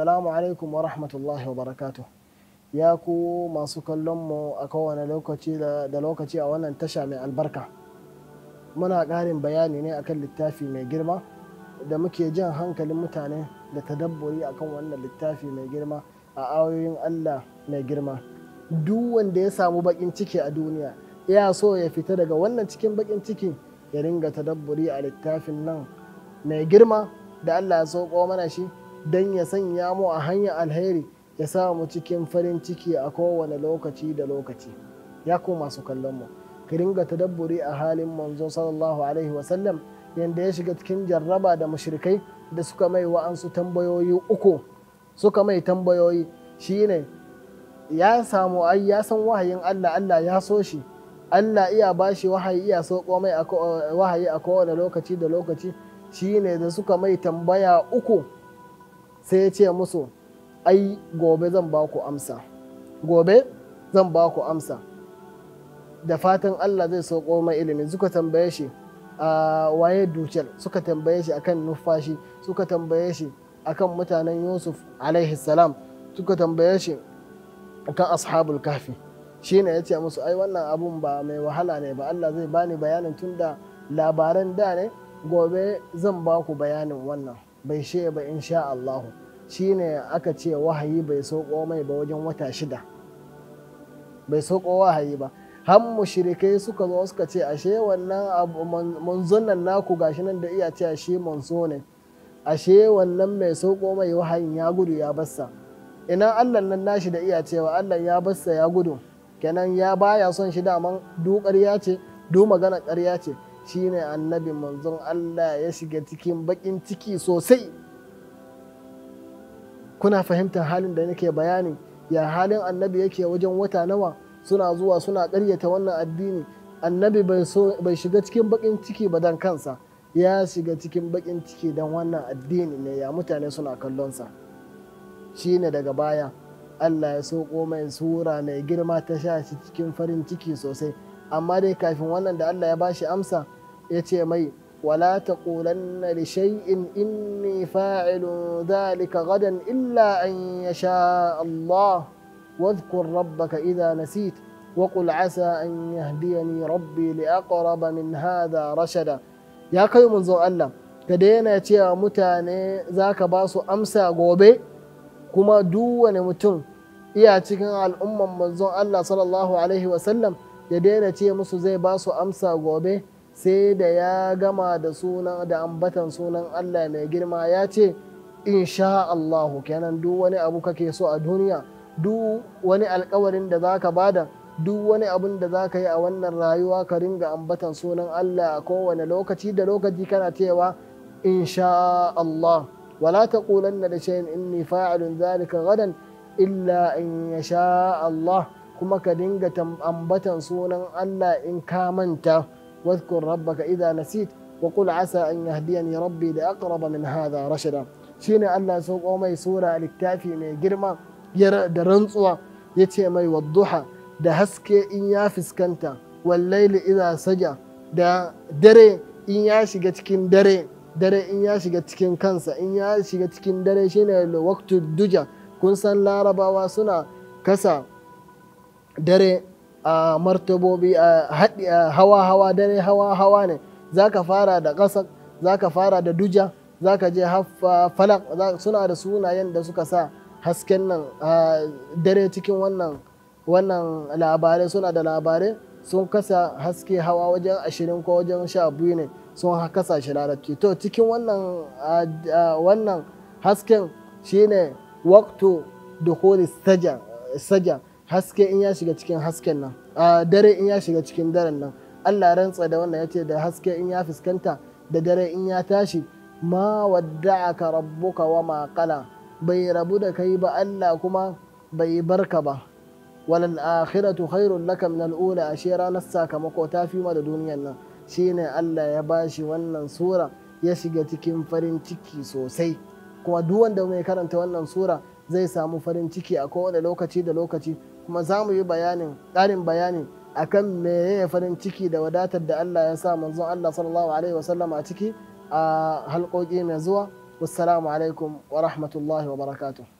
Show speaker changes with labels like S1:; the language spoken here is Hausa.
S1: assalamu alaikum wa rahmatullahi wa barakatuh ya ku masu kallon mu a kowane lokaci da lokaci a wannan tasha mai albarka muna ƙarin bayani ne akan littafi mai girma da muke jan hankalin mutane da tadabburi akan wannan littafi mai girma a ayoyin Allah mai girma duk wanda ya samu bakin ciki a duniya ya so ya fita daga wannan cikin baƙin ciki ya ringa tadabburi a littafin nan mai girma da Allah ya sauko mana shi don ya sanya mu a hanyar alheri ya sa mu cikin farin ciki a kowane lokaci da lokaci ya ku masu kallon mu ki ringa tadabburi a halin manzo sallallahu alaihi wasallam yanda ya shiga cikin jarraba da mushrikai da suka mai wa'ansu tambayoyi uku suka mai tambayoyi shine ya samu ai ya san wahayin Allah Allah ya so shi Allah iya bashi wahayi iya so komai wahayi a kowane lokaci da lokaci shine da suka mai tambaya uku sai ya ce musu ai gobe zan ba ku amsa gobe zan ba ku amsa da fatan Allah zai so mai ilimi suka tambaye shi a waye dukiyar suka tambaye shi akan nufashi suka tambaye shi akan mutanen Yusuf alaihi salam suka tambaye shi akan ashabul kafi shine ya ce musu ai wannan abun ba mai wahala ne ba Allah zai bani bayanin tunda labaran da ne gobe zan ba ku bayanin wannan bai she ba sha Allah ne aka ce wahayi bai soko mai ba wajen wata shida bai soko wahayi ba har mushrikai suka zo suka ce ashe wannan manzon nan naku gashi nan da iya ce ashe manzo ne ashe wannan mai soko mai wahayin ya gudu ya bassa ina Allah nan nashi da iya cewa Allah ya bassa ya gudu kenan ya baya son shi daman du ƙarya ce du magana ƙarya ce shine annabi manzon Allah ya shiga cikin baƙin ciki sosai kuna fahimtar halin da nake bayani ya halin annabi yake wajen wata nawa suna zuwa suna karyata wannan addini annabi bai shiga cikin bakin ciki ba dan kansa ya shiga cikin bakin ciki dan wannan addini ne ya mutane suna kallonsa shine daga baya Allah ya soko mai sura mai girma ta sha shi cikin farin ciki sosai amma dai kafin wannan da Allah ya bashi amsa ya ce mai wala ta ƙulanna li shay'in inni fa'ilu dhalika gadon illa an yasha Allah واذكر ربك إذا نسيت وقل عسى أن يهديني ربي لأقرب من هذا رشدا يا كي منزو الله كدينا تيا متاني ذاك باسو أمسى غوبي كما دوان متون iya cikin al'umman manzon Allah sallallahu Alaihi wasallam ya daina ce musu zai basu amsa gobe sai da ya gama da sunan da ambatan sunan Allah mai girma ya ce insha Allahu kenan duk wani abu kake so a duniya duk wani alkawarin da zaka bada duk wani abun da zaka yi a wannan rayuwa ka ringa ambatan sunan Allah a kowane lokaci da lokaci kana cewa insha Allah wala taqulanna da shay'in inni fa'ilun zalika gadan illa in yasha Allah kuma ka dinga ambatan sunan Allah in ka manta واذكر ربك إذا نسيت وقل عسى أن يهديني ربي لأقرب من هذا رشدا shine Allah ya sauko mai sura littafi mai girma da rantsuwa yace mai wadduha da haske in ya fuskanta wallaili iza saja da dare in ya shiga cikin dare dare in ya shiga cikin kansa in ya shiga cikin dare shine waqtu duja kun san larabawa suna kasa dare a martabobi a a haɗi hawa-hawa dare hawa-hawa ne za ka fara da ƙasa za ka fara da duja za ka je falak suna da sunayen da suka sa hasken nan dare cikin wannan labarai suna da labarai sun kasa haske hawa wajen ashirin ko wajen sha biyu ne sun kasa shi larabci to cikin wannan wannan hasken shine waktu dukhuli sajan haske in ya shiga cikin hasken nan dare in ya shiga cikin daren nan Allah rantsa da wannan yace da haske in ya fuskanta da dare in ya tashi ma wadda'aka rabbuka wa ma qala bai rabu da kai ba Allah kuma bai barka ba walal akhiratu khairul laka min al ula ashe ranar sakamako ta fi ma da duniyan nan shine Allah ya bashi wannan sura ya shiga cikin farin ciki sosai kuma duk wanda mai karanta wannan sura zai samu farin ciki a kowane lokaci da lokaci kuma za mu yi bayanin ƙarin bayani akan meye farin ciki da wadatar da Allah ya sa manzon Allah sallallahu alaihi a ciki a halƙoƙi mai zuwa wassalamu alaikum wa rahmatullahi wa barakatuh